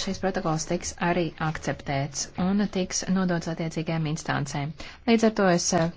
šis protokols tiks arī akceptēts un tiks nodots attiecīgajām instancēm. Līdz ar to es eh,